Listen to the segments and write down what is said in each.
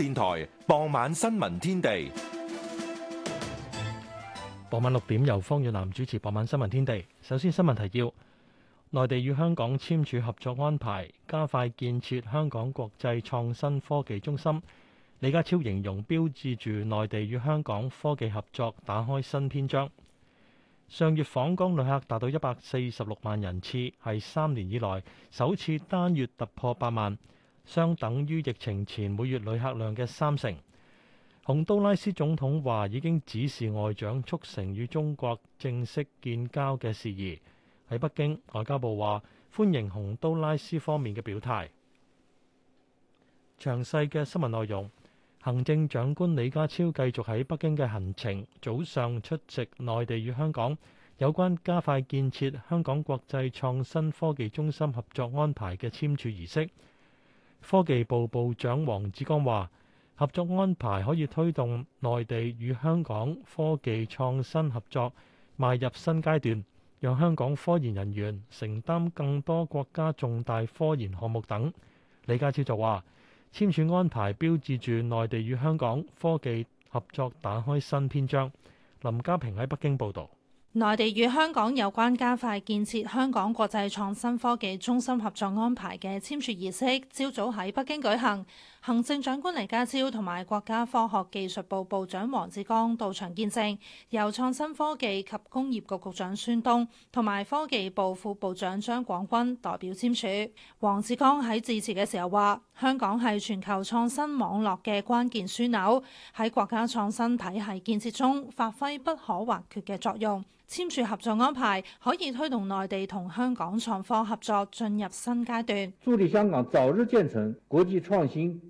電台傍晚新聞天地，傍晚六點由方遠南主持。傍晚新聞天地，首先新聞提要：內地與香港簽署合作安排，加快建設香港國際創新科技中心。李家超形容，標誌住內地與香港科技合作打開新篇章。上月訪港旅客達到一百四十六萬人次，係三年以來首次單月突破百萬。相等於疫情前每月旅客量嘅三成。洪都拉斯總統話已經指示外長促成與中國正式建交嘅事宜。喺北京外交部話歡迎洪都拉斯方面嘅表態。詳細嘅新聞內容，行政長官李家超繼續喺北京嘅行程，早上出席內地與香港有關加快建設香港國際創新科技中心合作安排嘅簽署儀式。科技部部長王志剛話，合作安排可以推動內地與香港科技創新合作邁入新階段，讓香港科研人員承擔更多國家重大科研項目等。李家超就話簽署安排標誌住內地與香港科技合作打開新篇章。林家平喺北京報道。內地與香港有關加快建設香港國際創新科技中心合作安排嘅簽署儀式，朝早喺北京舉行。行政長官李家超同埋國家科學技術部部長王志剛到場見證，由創新科技及工業局局長孫東同埋科技部副部長張廣軍代表簽署。王志剛喺致辭嘅時候話：香港係全球創新網絡嘅關鍵樞紐，喺國家創新體系建設中發揮不可或缺嘅作用。簽署合作安排可以推動內地同香港創科合作進入新階段，助力香港早日建成國際創新。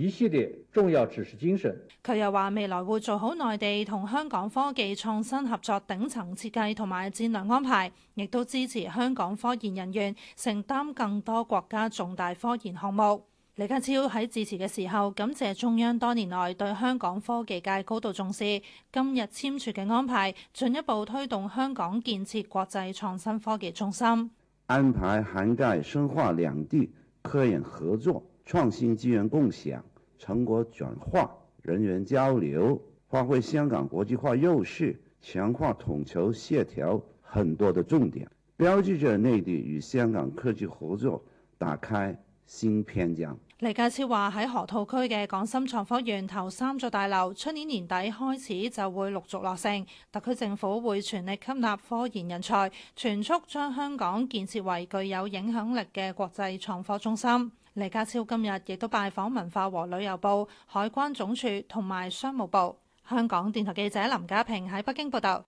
一系列重要指示精神。佢又話未來會做好內地同香港科技創新合作頂層設計同埋戰略安排，亦都支持香港科研人員承擔更多國家重大科研項目。李家超喺致辭嘅時候感謝中央多年來對香港科技界高度重視，今日簽署嘅安排進一步推動香港建設國際創新科技中心。安排涵蓋深化兩地科研合作、創新資源共享。成果轉化、人員交流，發揮香港國際化優勢，強化統籌協調，很多的重點，標誌着內地與香港科技合作打開新篇章。李家超話喺河套區嘅港深創科園頭三座大樓，出年年底開始就會陸續落成，特區政府會全力吸納科研人才，全速將香港建設為具有影響力嘅國際創科中心。李家超今日亦都拜訪文化和旅遊部、海關總署同埋商務部。香港電台記者林家平喺北京報道。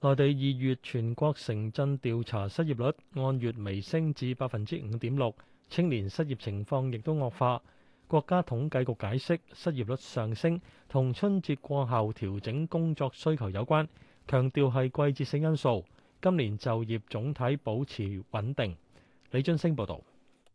內地二月全國城鎮調查失業率按月微升至百分之五點六，青年失業情況亦都惡化。國家統計局解釋失業率上升同春節過後調整工作需求有關，強調係季節性因素。今年就業總體保持穩定。李俊升報道。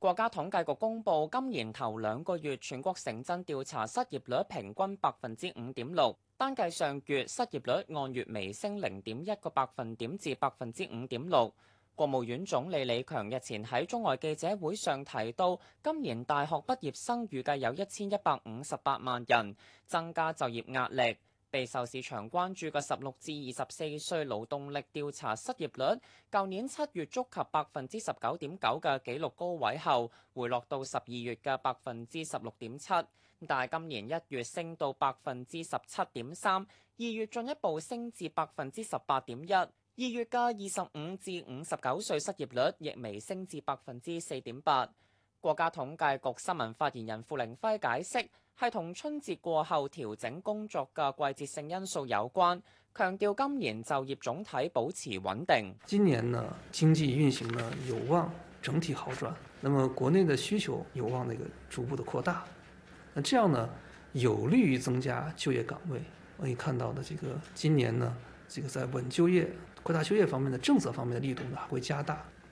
國家統計局公布，今年頭兩個月全國城鎮調查失業率平均百分之五點六，單計上月失業率按月微升零點一個百分點至百分之五點六。國務院總理李強日前喺中外記者會上提到，今年大學畢業生預計有一千一百五十八萬人，增加就業壓力。備受市場關注嘅十六至二十四歲勞動力調查失業率，舊年七月觸及百分之十九點九嘅紀錄高位後，回落到十二月嘅百分之十六點七，但係今年一月升到百分之十七點三，二月進一步升至百分之十八點一。二月嘅二十五至五十九歲失業率亦微升至百分之四點八。國家統計局新聞發言人付凌暉解釋。係同春節過後調整工作嘅季節性因素有關。強調今年就業總體保持穩定。今年呢經濟運行呢有望整體好轉，那麼國內的需求有望那個逐步的擴大，那這樣呢有利於增加就業崗位。我可以看到的這個今年呢，這個在穩就業、擴大就業方面的政策方面的力度呢會加大。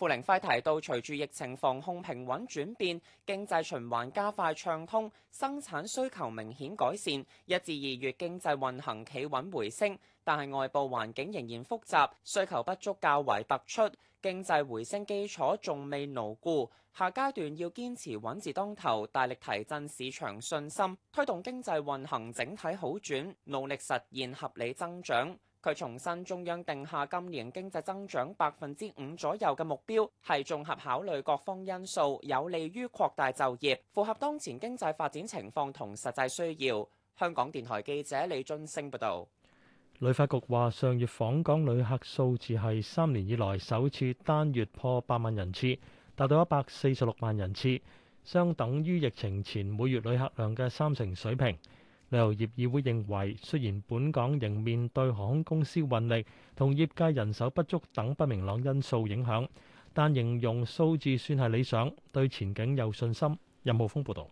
傅凌輝提到，隨住疫情防控平穩轉變，經濟循環加快暢通，生產需求明顯改善。一至二月經濟運行企穩回升，但係外部環境仍然複雜，需求不足較為突出，經濟回升基礎仲未牢固。下階段要堅持穩字當頭，大力提振市場信心，推動經濟運行整體好轉，努力實現合理增長。佢重申中央定下今年經濟增長百分之五左右嘅目標，係綜合考慮各方因素，有利於擴大就業，符合當前經濟發展情況同實際需要。香港電台記者李俊升報道。旅發局話，上月訪港旅客數字係三年以來首次單月破百萬人次，達到一百四十六萬人次，相等於疫情前每月旅客量嘅三成水平。旅遊業議會認為，雖然本港仍面對航空公司運力同業界人手不足等不明朗因素影響，但形容數字算係理想，對前景有信心。任浩峯報導。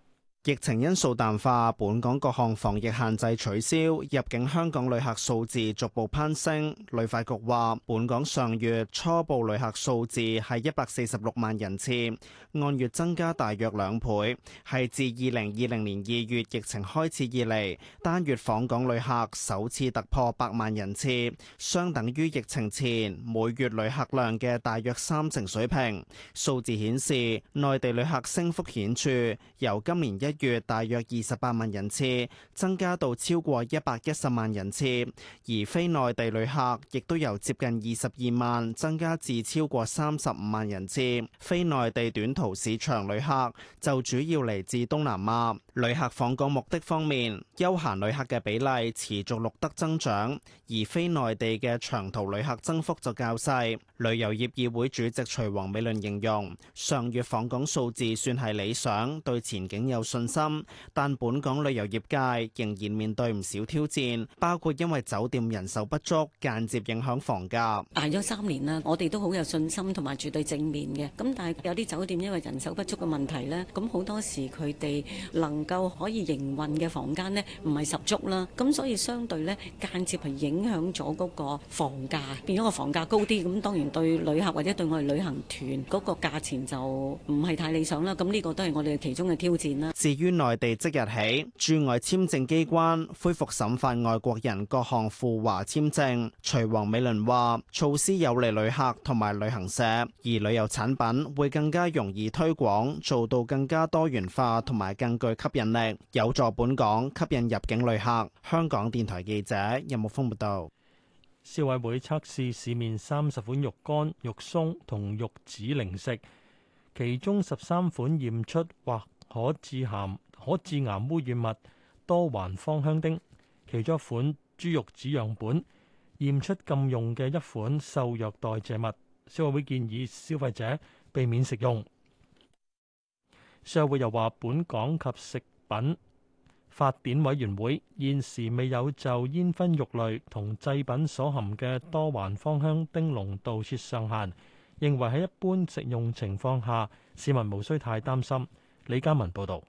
疫情因素淡化，本港各項防疫限制取消，入境香港旅客數字逐步攀升。旅發局話，本港上月初步旅客數字係一百四十六萬人次，按月增加大約兩倍，係自二零二零年二月疫情開始以嚟，單月訪港旅客首次突破百萬人次，相等於疫情前每月旅客量嘅大約三成水平。數字顯示，內地旅客升幅顯著，由今年一月大約二十八萬人次，增加到超過一百一十萬人次；而非內地旅客亦都由接近二十二萬增加至超過三十五萬人次。非內地短途市場旅客就主要嚟自東南亞。旅客訪港目的方面，休閒旅客嘅比例持續錄得增長，而非內地嘅長途旅客增幅就較細。旅遊業議會主席徐王美倫形容，上月訪港數字算係理想，對前景有信心，但本港旅遊業界仍然面對唔少挑戰，包括因為酒店人手不足，間接影響房價。挨咗三年啦，我哋都好有信心同埋絕對正面嘅。咁但係有啲酒店因為人手不足嘅問題呢，咁好多時佢哋能夠可以營運嘅房間咧，唔係十足啦，咁所以相對咧間接係影響咗嗰個房價，變咗個房價高啲，咁當然對旅客或者對我哋旅行團嗰個價錢就唔係太理想啦。咁呢個都係我哋其中嘅挑戰啦。至於內地即日起，駐外簽證機關恢復審發外國人各項赴華簽證。徐王美倫話：措施有利旅客同埋旅行社，而旅遊產品會更加容易推廣，做到更加多元化同埋更具吸。人力有助本港吸引入境旅客。香港電台記者任木鋒報道。有有消委會測試市面三十款肉乾、肉鬆同肉子零食，其中十三款驗出或可致癌、可致癌污染物，多環芳香烴，其中一款豬肉紙樣本驗出禁用嘅一款瘦肉代謝物。消委會建議消費者避免食用。上會又話，本港及食品法典委員會現時未有就煙燻肉類同製品所含嘅多環芳香烴訂定上限，認為喺一般食用情況下，市民無需太擔心。李嘉文報導。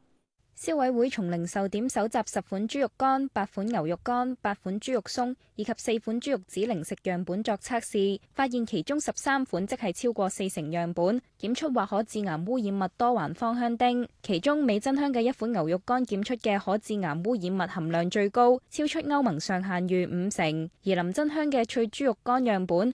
消委會從零售點搜集十款豬肉乾、八款牛肉乾、八款豬肉鬆以及四款豬肉紙零食樣本作測試，發現其中十三款即係超過四成樣本檢出或可致癌污染物多環芳香烴。其中美珍香嘅一款牛肉乾檢出嘅可致癌污染物含量最高，超出歐盟上限逾五成，而林真香嘅脆豬肉乾樣本。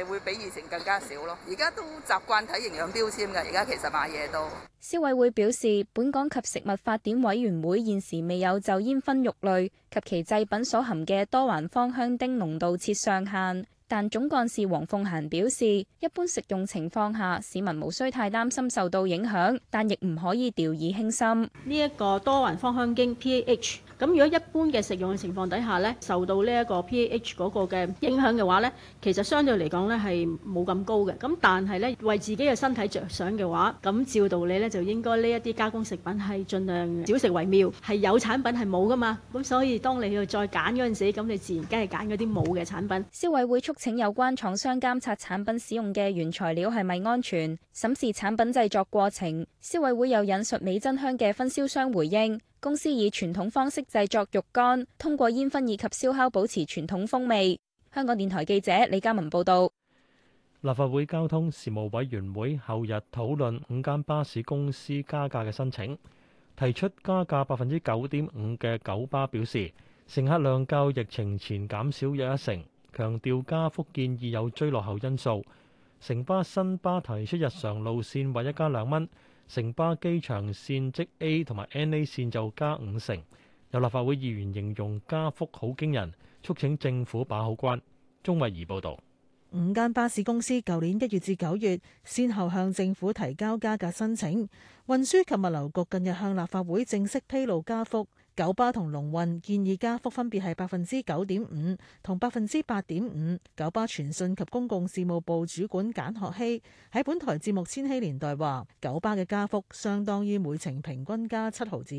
會比以前更加少咯。而家都習慣睇營養標籤嘅，而家其實買嘢都。消委會表示，本港及食物發展委員會現時未有就煙燻肉類及其製品所含嘅多環芳香烴濃度設上限。但總幹事黃鳳嫻表示，一般食用情況下，市民無需太擔心受到影響，但亦唔可以掉以輕心。呢一個多環芳香烴 （PAH）。咁如果一般嘅食用嘅情況底下呢，受到呢一個 pH 嗰個嘅影響嘅話呢，其實相對嚟講呢，係冇咁高嘅。咁但係呢，為自己嘅身體着想嘅話，咁照道理呢，就應該呢一啲加工食品係儘量少食為妙。係有產品係冇㗎嘛，咁所以當你要再揀嗰陣時，咁你自然梗係揀嗰啲冇嘅產品。消委會促請有關廠商監察產品使用嘅原材料係咪安全，審視產品製作過程。消委會又引述美珍香嘅分銷商回應。公司以傳統方式製作肉乾，通過煙燻以及燒烤保持傳統風味。香港電台記者李嘉文報導。立法會交通事務委員會後日討論五間巴士公司加價嘅申請，提出加價百分之九點五嘅九巴表示，乘客量較疫情前減少約一成，強調加幅建議有追落後因素。城巴、新巴提出日常路線或一加兩蚊。城巴機場線即 A 同埋 NA 線就加五成，有立法會議員形容加幅好驚人，促請政府把好關。鍾慧儀報導，五間巴士公司舊年一月至九月，先後向政府提交加價申請。運輸及物流局近日向立法會正式披露加幅。九巴同龍運建議加幅分別係百分之九點五同百分之八點五。九巴傳訊及公共事務部主管簡學希喺本台節目千禧年代話，九巴嘅加幅相當於每程平均加七毫子，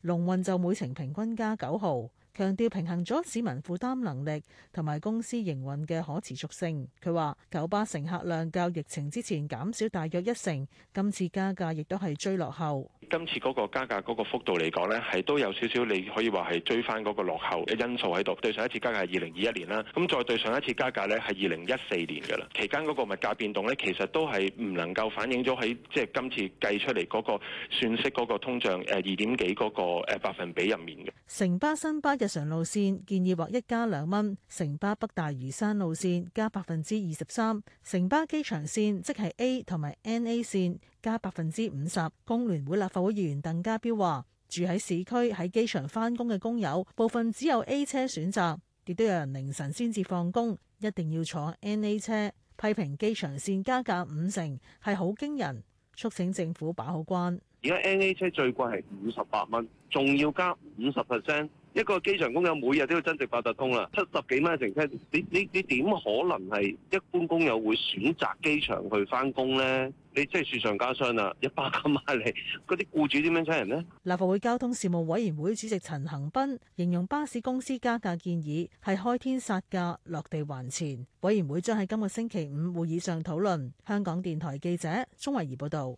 龍運就每程平均加九毫。強調平衡咗市民負擔能力同埋公司營運嘅可持續性。佢話：九巴乘客量較疫情之前減少大約一成，今次加價亦都係追落後。今次嗰個加價嗰個幅度嚟講呢，係都有少少你可以話係追翻嗰個落後嘅因素喺度。對上一次加價係二零二一年啦，咁再對上一次加價呢係二零一四年㗎喇，期間嗰個物價變動呢，其實都係唔能夠反映咗喺即係今次計出嚟嗰個算息嗰個通脹誒二點幾嗰個誒百分比入面嘅。城巴新巴日常路線建議或一加兩蚊，城巴北大嶼山路線加百分之二十三，城巴機場線即係 A 同埋 N A 線加百分之五十。工聯會立法會議員鄧家彪話：住喺市區喺機場返工嘅工友，部分只有 A 車選擇，亦都有人凌晨先至放工，一定要坐 N A 車。批評機場線加價五成係好驚人，促請政府把好關。而家 N A 車最貴係五十八蚊，仲要加五十 percent。一個機場工友每日都要增值八達通啦，七十幾蚊一程車，你你你點可能係一般工友會選擇機場去翻工呢？你即係雪上加霜啦、啊，一百蚊嚟，嗰啲僱主點樣請人呢？立法會交通事務委員會主席陳恒斌形容巴士公司加價建議係開天殺價，落地還錢。委員會將喺今個星期五會議上討論。香港電台記者鍾慧儀報道。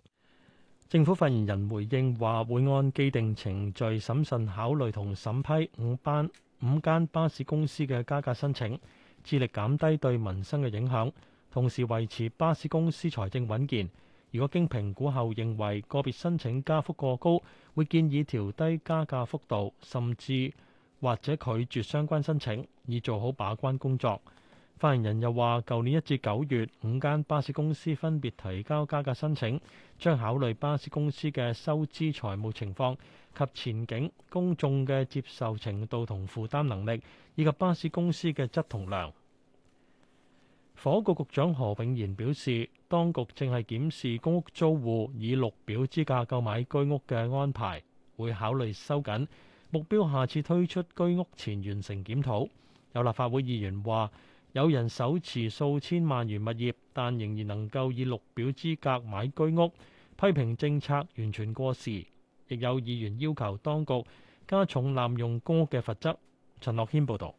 政府發言人回應話，會按既定程序審慎考慮同審批五班五間巴士公司嘅加價申請，致力減低對民生嘅影響，同時維持巴士公司財政穩健。如果經評估後認為個別申請加幅過高，會建議調低加價幅度，甚至或者拒絕相關申請，以做好把關工作。發言人又話，舊年一至九月，五間巴士公司分別提交加價申請，將考慮巴士公司嘅收支財務情況及前景、公眾嘅接受程度同負擔能力，以及巴士公司嘅質同量。房屋局局長何永賢表示，當局正係檢視公屋租戶以綠表資格購買居屋嘅安排，會考慮收緊目標，下次推出居屋前完成檢討。有立法會議員話，有人手持數千萬元物業，但仍然能夠以綠表資格買居屋，批評政策完全過時。亦有議員要求當局加重濫用公屋嘅罰則。陳樂軒報導。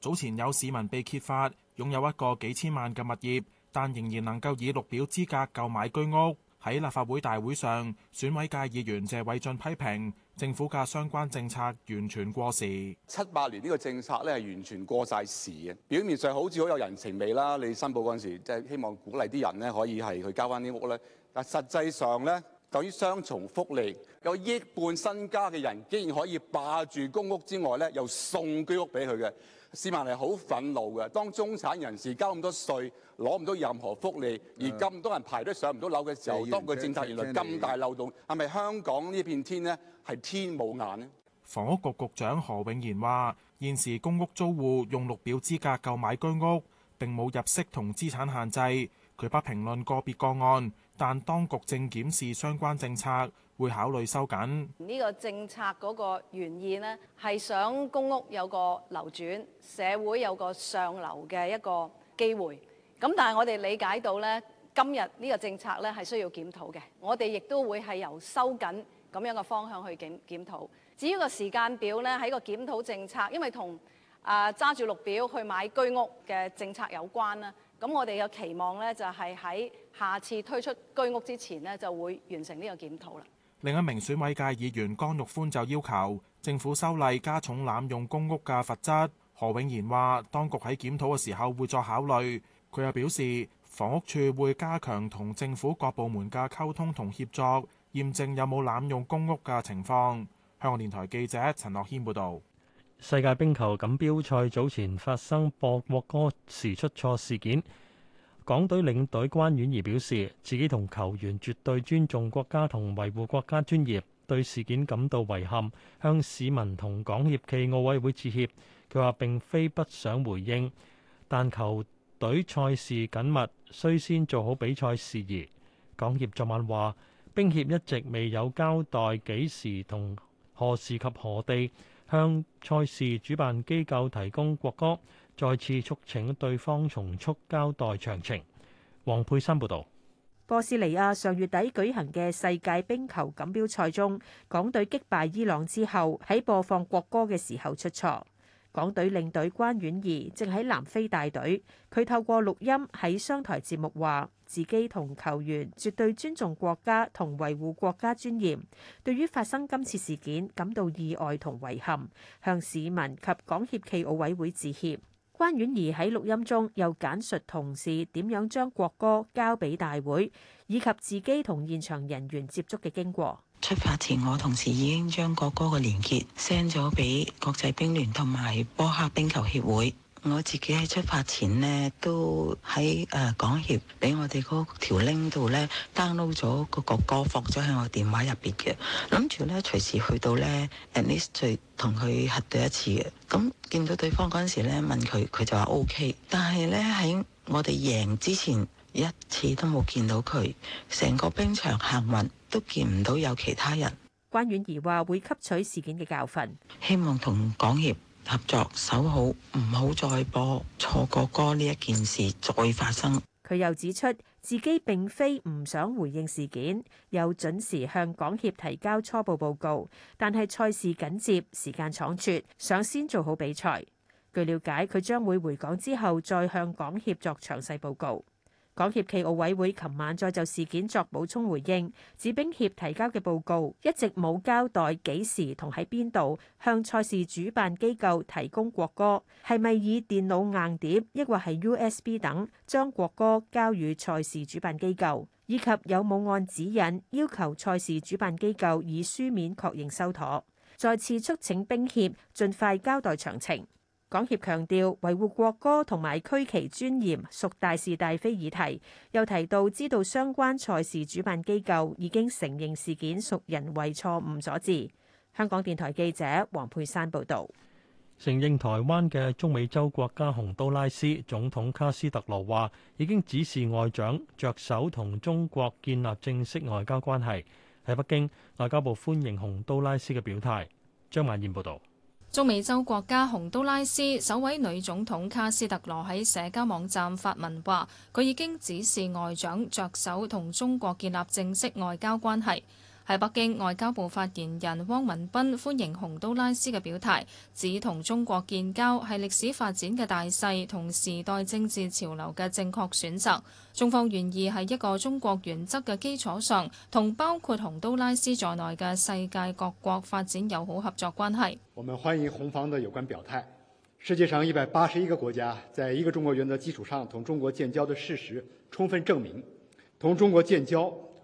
早前有市民被揭發擁有一個幾千萬嘅物業，但仍然能夠以綠表資格購買居屋。喺立法會大會上，選委界議員謝偉俊批評政府嘅相關政策完全過時。七八年呢個政策咧係完全過晒時嘅，表面上好似好有人情味啦。你申報嗰陣時，即係希望鼓勵啲人咧可以係去交翻啲屋咧，但實際上咧，對於雙重福利，有億半身家嘅人竟然可以霸住公屋之外咧，又送居屋俾佢嘅。市民係好憤怒嘅，當中產人士交咁多稅，攞唔到任何福利，而咁多人排都上唔到樓嘅時候，當個政策原來咁大漏洞，係咪香港呢片天呢係天冇眼呢？房屋局局長何永賢話：現時公屋租戶用綠表資格購買居屋並冇入息同資產限制。佢不評論個別個案，但當局正檢視相關政策。會考慮收緊呢個政策嗰個原意呢，係想公屋有個流轉，社會有個上流嘅一個機會。咁但係我哋理解到呢，今日呢個政策呢係需要檢討嘅。我哋亦都會係由收緊咁樣嘅方向去檢檢討。至於個時間表呢，喺個檢討政策，因為同啊揸住綠表去買居屋嘅政策有關啦。咁我哋嘅期望呢，就係、是、喺下次推出居屋之前呢，就會完成呢個檢討啦。另一名選委界議員江玉歡就要求政府修例加重濫用公屋嘅罰則。何永賢話：當局喺檢討嘅時候會再考慮。佢又表示，房屋處會加強同政府各部門嘅溝通同協作，驗證有冇濫用公屋嘅情況。香港電台記者陳樂軒報導。世界冰球錦標賽早前發生播國歌時出錯事件。港隊領隊關婉儀表示，自己同球員絕對尊重國家同維護國家專業，對事件感到遺憾，向市民同港協暨奧委會致歉。佢話並非不想回應，但球隊賽事緊密，需先做好比賽事宜。港協昨晚話，冰協一直未有交代幾時同何時及何地向賽事主辦機構提供國歌。再次促請對方從速交代詳情。黃佩珊報導。波斯尼亞上月底舉行嘅世界冰球錦標賽中，港隊擊敗伊朗之後，喺播放國歌嘅時候出錯。港隊領隊關婉儀正喺南非大隊，佢透過錄音喺商台節目話：自己同球員絕對尊重國家同維護國家尊嚴，對於發生今次事件感到意外同遺憾，向市民及港協暨奧委會致歉。關婉儀喺錄音中又簡述同事點樣將國歌交俾大會，以及自己同現場人員接觸嘅經過。出發前，我同事已經將國歌嘅連結 send 咗俾國際冰聯同埋波克冰球協會。我自己喺出發前呢，都喺誒港協俾我哋嗰條 link 度咧 download 咗個個歌放咗喺我電話入邊嘅，諗住咧隨時去到咧 at least 同佢核對一次嘅。咁見到對方嗰陣時咧問佢，佢就話 OK。但係咧喺我哋贏之前一次都冇見到佢，成個冰場行運都見唔到有其他人。關婉儀話會吸取事件嘅教訓，希望同港協。合作守好，唔好再播錯國歌呢一件事再發生。佢又指出，自己並非唔想回應事件，又準時向港協提交初步報告，但係賽事緊接，時間倉促，想先做好比賽。據了解，佢將會回港之後再向港協作詳細報告。港協暨奧委會琴晚再就事件作補充回應，指冰協提交嘅報告一直冇交代幾時同喺邊度向賽事主辦機構提供國歌，係咪以電腦硬碟，抑或係 USB 等將國歌交予賽事主辦機構，以及有冇按指引要求賽事主辦機構以書面確認收妥。再次促請冰協盡快交代詳情。港協強調維護國歌同埋區旗尊嚴屬大是大非議題，又提到知道相關賽事主辦機構已經承認事件屬人為錯誤所致。香港電台記者黃佩珊報道。承認台灣嘅中美洲國家洪都拉斯總統卡斯特羅話已經指示外長着手同中國建立正式外交關係。喺北京，外交部歡迎洪都拉斯嘅表態。張曼燕報道。中美洲國家洪都拉斯首位女總統卡斯特羅喺社交網站發文話，佢已經指示外長着手同中國建立正式外交關係。喺北京外交部發言人汪文斌歡迎洪都拉斯嘅表態，指同中國建交係歷史發展嘅大勢，同時代政治潮流嘅正確選擇。中方願意喺一個中國原則嘅基礎上，同包括洪都拉斯在內嘅世界各國發展友好合作關係。我們歡迎洪方的有關表態。世界上一百八十一個國家，在一個中國原則基礎上同中國建交的事實充分證明，同中國建交，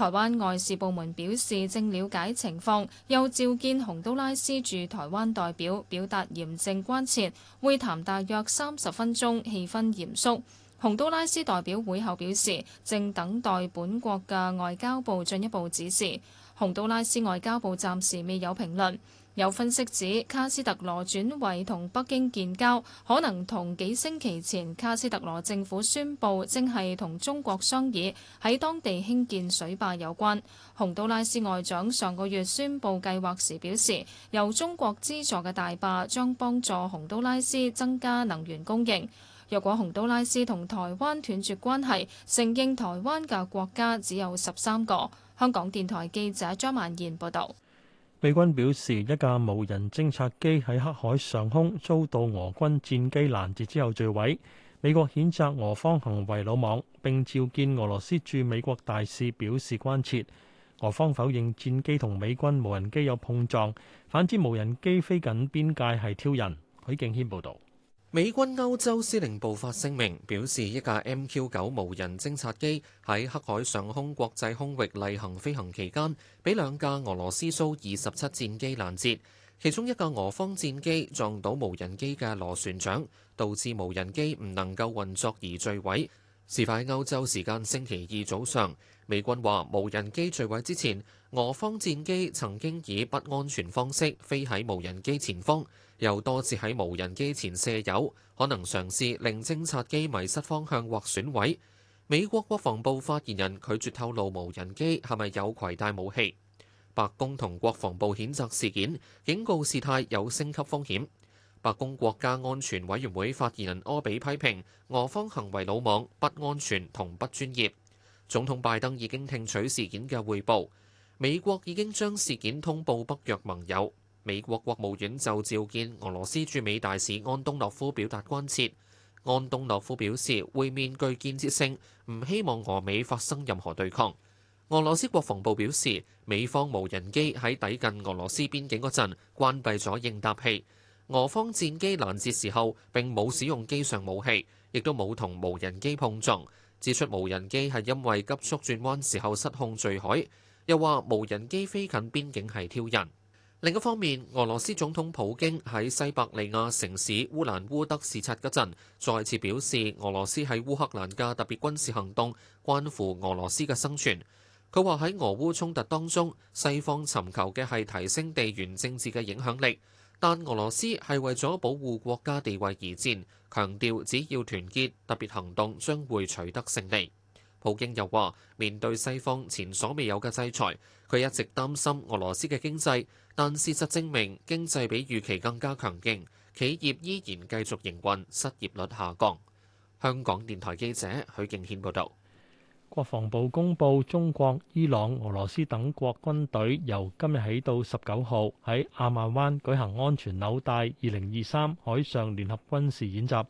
台灣外事部門表示正了解情況，又召見洪都拉斯駐台灣代表，表達嚴正關切。會談大約三十分鐘，氣氛嚴肅。洪都拉斯代表會後表示，正等待本國嘅外交部進一步指示。洪都拉斯外交部暫時未有評論。有分析指，卡斯特羅轉為同北京建交，可能同幾星期前卡斯特羅政府宣布正係同中國商議喺當地興建水壩有關。洪都拉斯外長上個月宣布計劃時表示，由中國資助嘅大壩將幫助洪都拉斯增加能源供應。若果洪都拉斯同台灣斷絕關係，承認台灣嘅國家只有十三個。香港電台記者張萬賢報導。美軍表示，一架無人偵察機喺黑海上空遭到俄軍戰機攔截之後墜毀。美國譴責俄方行為魯莽，並召見俄羅斯駐美國大使表示關切。俄方否認戰機同美軍無人機有碰撞，反之無人機飛緊邊界係挑釁。許敬軒報道。美軍歐洲司令部發聲明，表示一架 MQ 九無人偵察機喺黑海上空國際空域例行飛行期間，俾兩架俄羅斯蘇二十七戰機攔截，其中一架俄方戰機撞到無人機嘅螺旋槳，導致無人機唔能夠運作而墜毀。事發歐洲時間星期二早上，美軍話無人機墜毀之前，俄方戰機曾經以不安全方式飛喺無人機前方。又多次喺無人機前卸油，可能嘗試令偵察機迷失方向或損毀。美國國防部發言人拒絕透露無人機係咪有攜帶武器。白宮同國防部譴責事件，警告事態有升級風險，白宮國家安全委員會發言人柯比批評俄方行為魯莽、不安全同不專業，總統拜登已經聽取事件嘅匯報，美國已經將事件通報北約盟友。美國國務院就召見俄羅斯駐美大使安東諾夫表達關切。安東諾夫表示會面具建設性，唔希望俄美發生任何對抗。俄羅斯國防部表示，美方無人機喺抵近俄羅斯邊境嗰陣關閉咗應答器。俄方戰機攔截時候並冇使用機上武器，亦都冇同無人機碰撞。指出無人機係因為急速轉彎時候失控墜海，又話無人機飛近邊境係挑釁。另一方面，俄羅斯總統普京喺西伯利亞城市烏蘭烏德視察嗰陣，再次表示，俄羅斯喺烏克蘭嘅特別軍事行動關乎俄羅斯嘅生存。佢話喺俄烏衝突當中，西方尋求嘅係提升地緣政治嘅影響力，但俄羅斯係為咗保護國家地位而戰，強調只要團結，特別行動將會取得勝利。普京又話，面對西方前所未有嘅制裁，佢一直擔心俄羅斯嘅經濟。但事實證明，經濟比預期更加強勁，企業依然繼續營運，失業率下降。香港電台記者許敬軒報導。國防部公佈，中國、伊朗、俄羅斯等國軍隊由今日起到十九號喺阿曼灣舉行安全紐帶二零二三海上聯合軍事演習，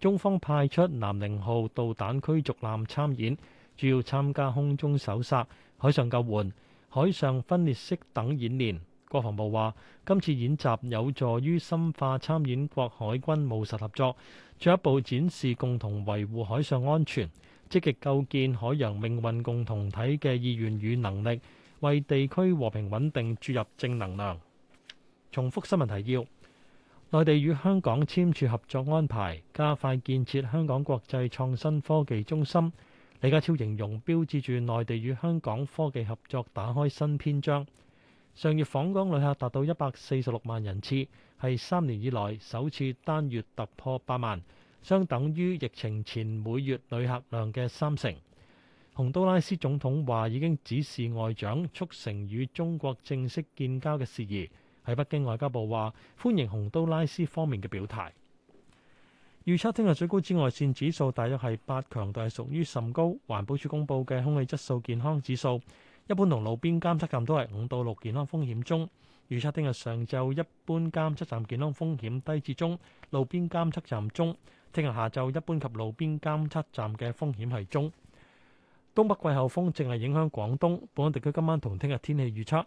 中方派出南寧號導彈驅逐艦參演，主要參加空中搜索、海上救援、海上分列式等演練。國防部話：今次演習有助於深化參演國海軍務實合作，進一步展示共同維護海上安全、積極構建海洋命運共同體嘅意願與能力，為地區和平穩定注入正能量。重複新聞提要：內地與香港簽署合作安排，加快建設香港國際創新科技中心。李家超形容標誌住內地與香港科技合作打開新篇章。上月訪港旅客達到一百四十六萬人次，係三年以來首次單月突破百萬，相等於疫情前每月旅客量嘅三成。洪都拉斯總統話已經指示外長促成與中國正式建交嘅事宜。喺北京外交部話歡迎洪都拉斯方面嘅表態。預測聽日最高紫外線指數大約係八，強度屬於甚高。環保署公佈嘅空氣質素健康指數。一般同路邊監測站都係五到六，健康風險中。預測聽日上晝一般監測站健康風險低至中，路邊監測站中。聽日下晝一般及路邊監測站嘅風險係中。東北季候風正係影響廣東本港地區，今晚同聽日天氣預測，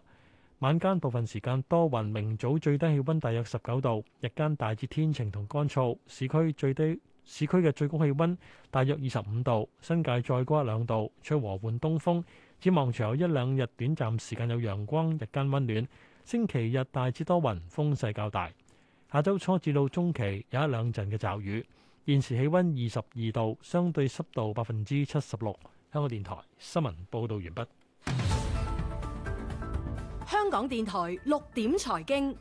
晚間部分時間多雲，明早最低氣溫大約十九度，日間大致天晴同乾燥，市區最低。市區嘅最高氣溫大約二十五度，新界再高一兩度，吹和緩東風。展望長，有一兩日短暫時間有陽光，日間温暖。星期日大致多雲，風勢較大。下周初至到中期有一兩陣嘅驟雨。現時氣温二十二度，相對濕度百分之七十六。香港電台新聞報道完畢。香港電台六點財經。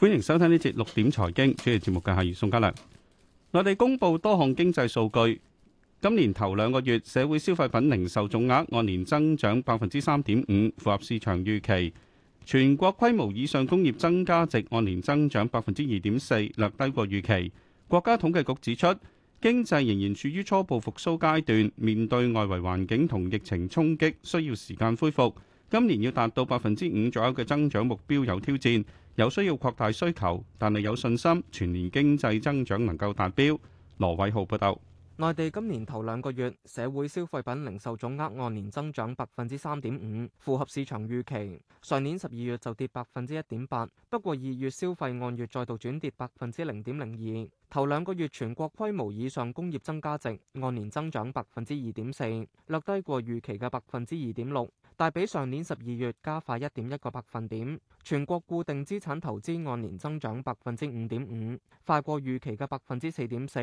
歡迎收聽呢節六點財經，主持節目嘅係宋家良。內地公布多項經濟數據，今年頭兩個月社會消費品零售總額按年增長百分之三點五，符合市場預期。全國規模以上工業增加值按年增長百分之二點四，略低過預期。國家統計局指出，經濟仍然處於初步復甦階段，面對外圍環境同疫情衝擊，需要時間恢復。今年要達到百分之五左右嘅增長目標有挑戰。有需要擴大需求，但係有信心全年經濟增長能夠達標。羅偉浩報道，內地今年頭兩個月社會消費品零售總額按年增長百分之三點五，符合市場預期。上年十二月就跌百分之一點八，不過二月消費按月再度轉跌百分之零點零二。頭兩個月全國規模以上工業增加值按年增長百分之二點四，略低過預期嘅百分之二點六。大比上年十二月加快一點一個百分點，全國固定資產投資按年增長百分之五點五，快過預期嘅百分之四點四。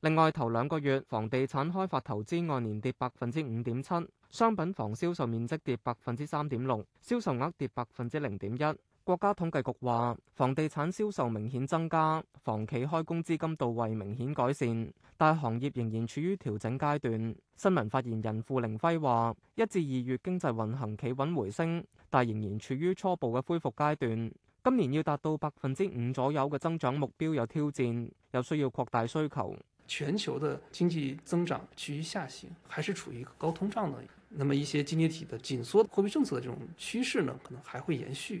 另外，頭兩個月房地產開發投資按年跌百分之五點七，商品房銷售面積跌百分之三點六，銷售額跌百分之零點一。國家統計局話，房地產銷售明顯增加，房企開工資金到位明顯改善，但行業仍然處於調整階段。新聞發言人傅玲輝話：一至二月經濟運行企穩回升，但仍然處於初步嘅恢復階段。今年要達到百分之五左右嘅增長目標有挑戰，有需要擴大需求。全球嘅經濟增長趨於下行，還是處於一個高通脹呢？那麼一些經濟體的緊縮貨幣政策的這種趨勢呢，可能還會延續。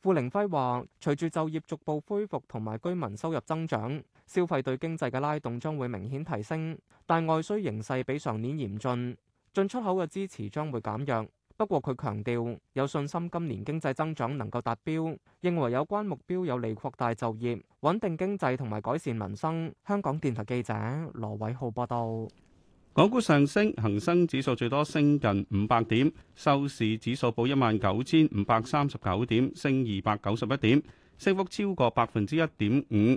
傅凌輝話，隨住就業逐步恢復同埋居民收入增長，消費對經濟嘅拉動將會明顯提升，但外需形勢比上年嚴峻，進出口嘅支持將會減弱。不過佢強調，有信心今年經濟增長能夠達標，認為有關目標有利擴大就業、穩定經濟同埋改善民生。香港電台記者羅偉浩報道。港股上升，恒生指數最多升近五百點，收市指數報一萬九千五百三十九點，升二百九十一點，升幅超過百分之一點五。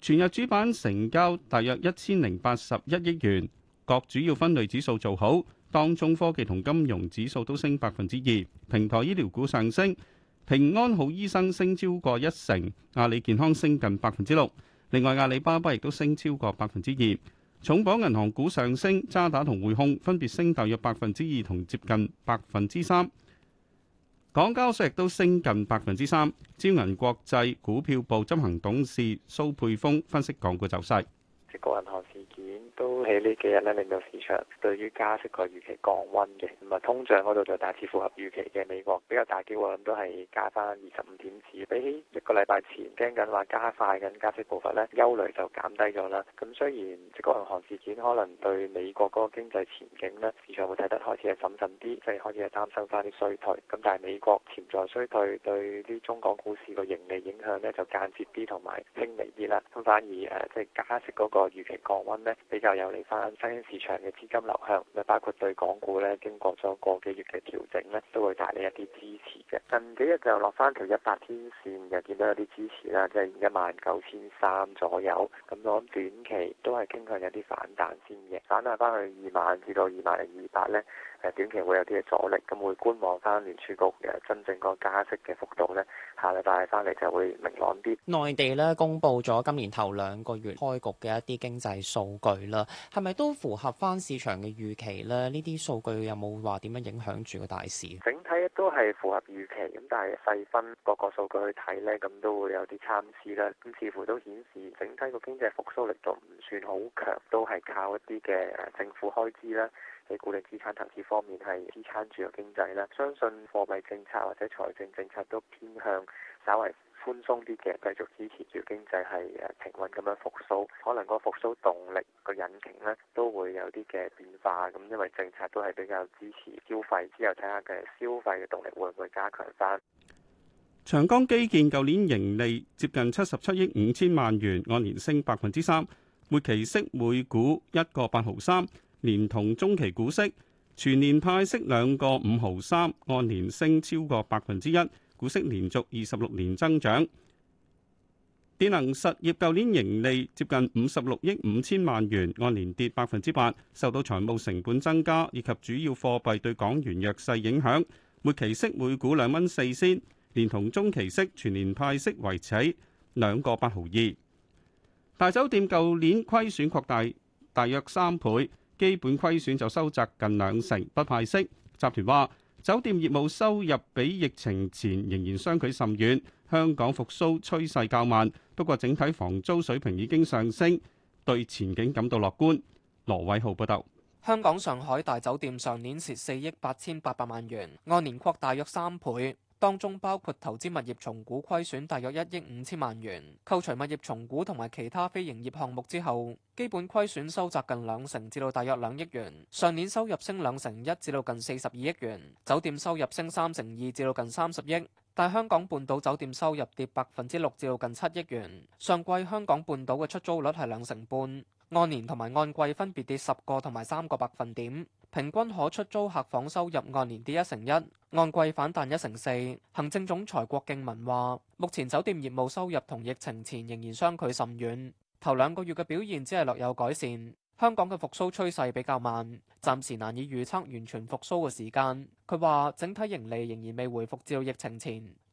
全日主板成交大約一千零八十一億元，各主要分類指數做好，當中科技同金融指數都升百分之二。平台醫療股上升，平安好醫生升超過一成，阿里健康升近百分之六，另外阿里巴巴亦都升超過百分之二。重磅銀行股上升，渣打同匯控分別升到約百分之二同接近百分之三。港交所亦都升近百分之三。招銀國際股票部執行董事蘇佩峰分析港股走勢。美國銀行事件都喺呢幾日咧，令到市場對於加息個預期降溫嘅，咁啊通脹嗰度就大致符合預期嘅。美國比較大機會，都係加翻，二十五點子。比起一個禮拜前驚緊話加快緊加息步伐咧，憂慮就減低咗啦。咁雖然即係銀行事件可能對美國嗰個經濟前景咧，市場會睇得開始係審慎啲，即係開始係擔心翻啲衰退。咁但係美國潛在衰退對啲中港股市個盈利影響咧，就間接啲同埋輕微啲啦。咁反而誒，即係加息嗰個預期降溫咧，比較有利翻新興市場嘅資金流向，啊包括對港股咧，經過咗個幾月嘅調整咧，都會帶嚟一啲支持嘅。近幾日就落翻條一百天線，又見到有啲支持啦，即係一萬九千三左右。咁我諗短期都係傾向有啲反彈先嘅，反彈翻去二萬至到二萬零二百咧。短期會有啲嘅阻力，咁會觀望翻聯儲局嘅真正個加息嘅幅度咧。下禮拜翻嚟就會明朗啲。內地咧，公布咗今年頭兩個月開局嘅一啲經濟數據啦，係咪都符合翻市場嘅預期咧？呢啲數據有冇話點樣影響住個大市？整體都係符合預期，咁但係細分各個數據去睇咧，咁都會有啲參差啦。咁似乎都顯示整體個經濟復甦力度唔算好強，都係靠一啲嘅政府開支啦。喺固定資產投資方面係支撐住個經濟啦，相信貨幣政策或者財政政策都偏向稍為寬鬆啲嘅，繼續支持住經濟係誒平穩咁樣復甦。可能個復甦動力個引擎咧都會有啲嘅變化，咁因為政策都係比較支持消費，之後睇下嘅消費嘅動力會唔會加強翻。長江基建舊年盈利接近七十七億五千萬元，按年升百分之三，末期息每股一個八毫三。連同中期股息，全年派息兩個五毫三，按年升超過百分之一。股息連續二十六年增長。電能實業舊年盈利接近五十六億五千萬元，按年跌百分之八，受到財務成本增加以及主要貨幣對港元弱勢影響。末期息每股兩蚊四仙，連同中期息，全年派息維持喺兩個八毫二。大酒店舊年虧損擴大，大約三倍。基本虧損就收窄近兩成，不派息。集團話酒店業務收入比疫情前仍然相距甚遠，香港復蘇趨勢較慢，不過整體房租水平已經上升，對前景感到樂觀。羅偉浩報道，香港上海大酒店上年蝕四億八千八百萬元，按年擴大約三倍。當中包括投資物業重估虧損大約一億五千萬元，扣除物業重估同埋其他非營業項目之後，基本虧損收窄近兩成，至到大約兩億元。上年收入升兩成一，至到近四十二億元；酒店收入升三成二，至到近三十億。但香港半島酒店收入跌百分之六，至到近七億元。上季香港半島嘅出租率係兩成半，按年同埋按季分別跌十個同埋三個百分點，平均可出租客房收入按年跌一成一。按季反彈一成四，行政總裁郭敬文話，目前酒店業務收入同疫情前仍然相距甚遠，頭兩個月嘅表現只係略有改善。香港嘅復甦趨勢比較慢，暫時難以預測完全復甦嘅時間，佢話整體盈利仍然未回復至疫情前。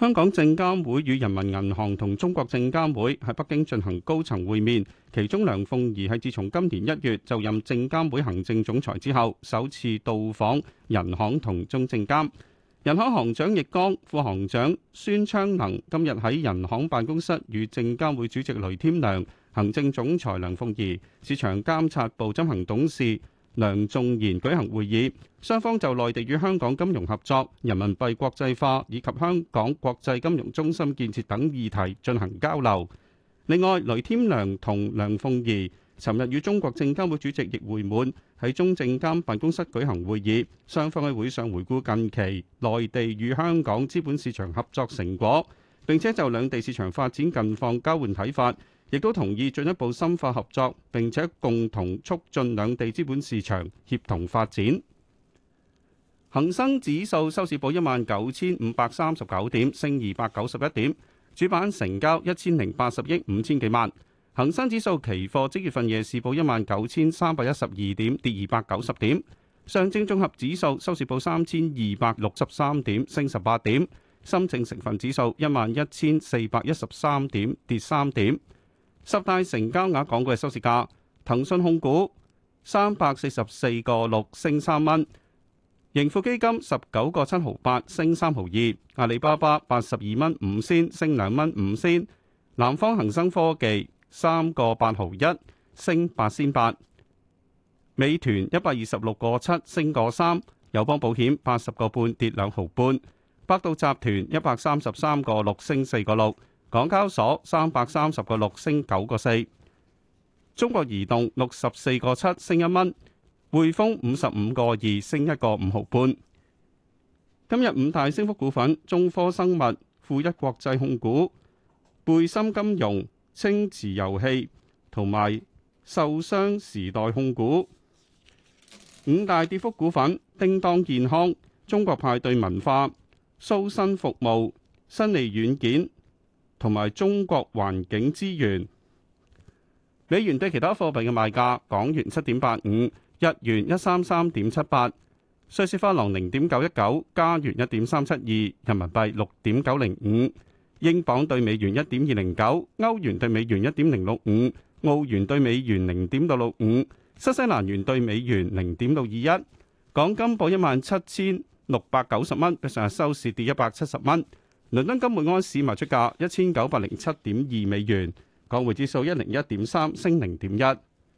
香港證監會與人民銀行同中國證監會喺北京進行高層會面，其中梁鳳儀係自從今年一月就任證監會行政總裁之後首次到訪人行同中證監。人行行長易綱、副行長孫昌能今日喺人行辦公室與證監會主席雷添良、行政總裁梁鳳儀、市場監察部執行董事梁仲賢舉行會議，雙方就內地與香港金融合作、人民幣國際化以及香港國際金融中心建設等議題進行交流。另外，雷添良同梁鳳儀尋日與中國證監會主席易會滿喺中證監辦公室舉行會議，雙方喺會上回顧近期內地與香港資本市場合作成果，並且就兩地市場發展近況交換睇法。亦都同意進一步深化合作，並且共同促進兩地資本市場協同發展。恒生指數收市報一萬九千五百三十九點，升二百九十一點，主板成交一千零八十億五千幾萬。恒生指數期貨即月份夜市報一萬九千三百一十二點，跌二百九十點。上證綜合指數收市報三千二百六十三點，升十八點。深證成分指數一萬一千四百一十三點，跌三點。十大成交額港股嘅收市價：騰訊控股三百四十四個六升三蚊，盈富基金十九個七毫八升三毫二，阿里巴巴八十二蚊五仙升兩蚊五仙，南方恒生科技三個八毫一升八仙八，美團一百二十六個七升個三，友邦保險八十個半跌兩毫半，百度集團一百三十三個六升四個六。港交所三百三十個六升九個四，中國移動六十四個七升一蚊，匯豐五十五個二升一個五毫半。今日五大升幅股份：中科生物、富一國際控股、貝森金融、青瓷遊戲同埋壽商時代控股。五大跌幅股份：叮當健康、中國派對文化、蘇新服務、新利軟件。同埋中國環境資源。美元對其他貨幣嘅賣價：港元七點八五，日元一三三點七八，瑞士法郎零點九一九，加元一點三七二，人民幣六點九零五，英鎊對美元一點二零九，歐元對美元一點零六五，澳元對美元零點六六五，新西蘭元對美元零點六二一。港金報一萬七千六百九十蚊，上日收市跌一百七十蚊。倫敦金每盎司賣出價一千九百零七點二美元，港匯指數一零一點三升零點一。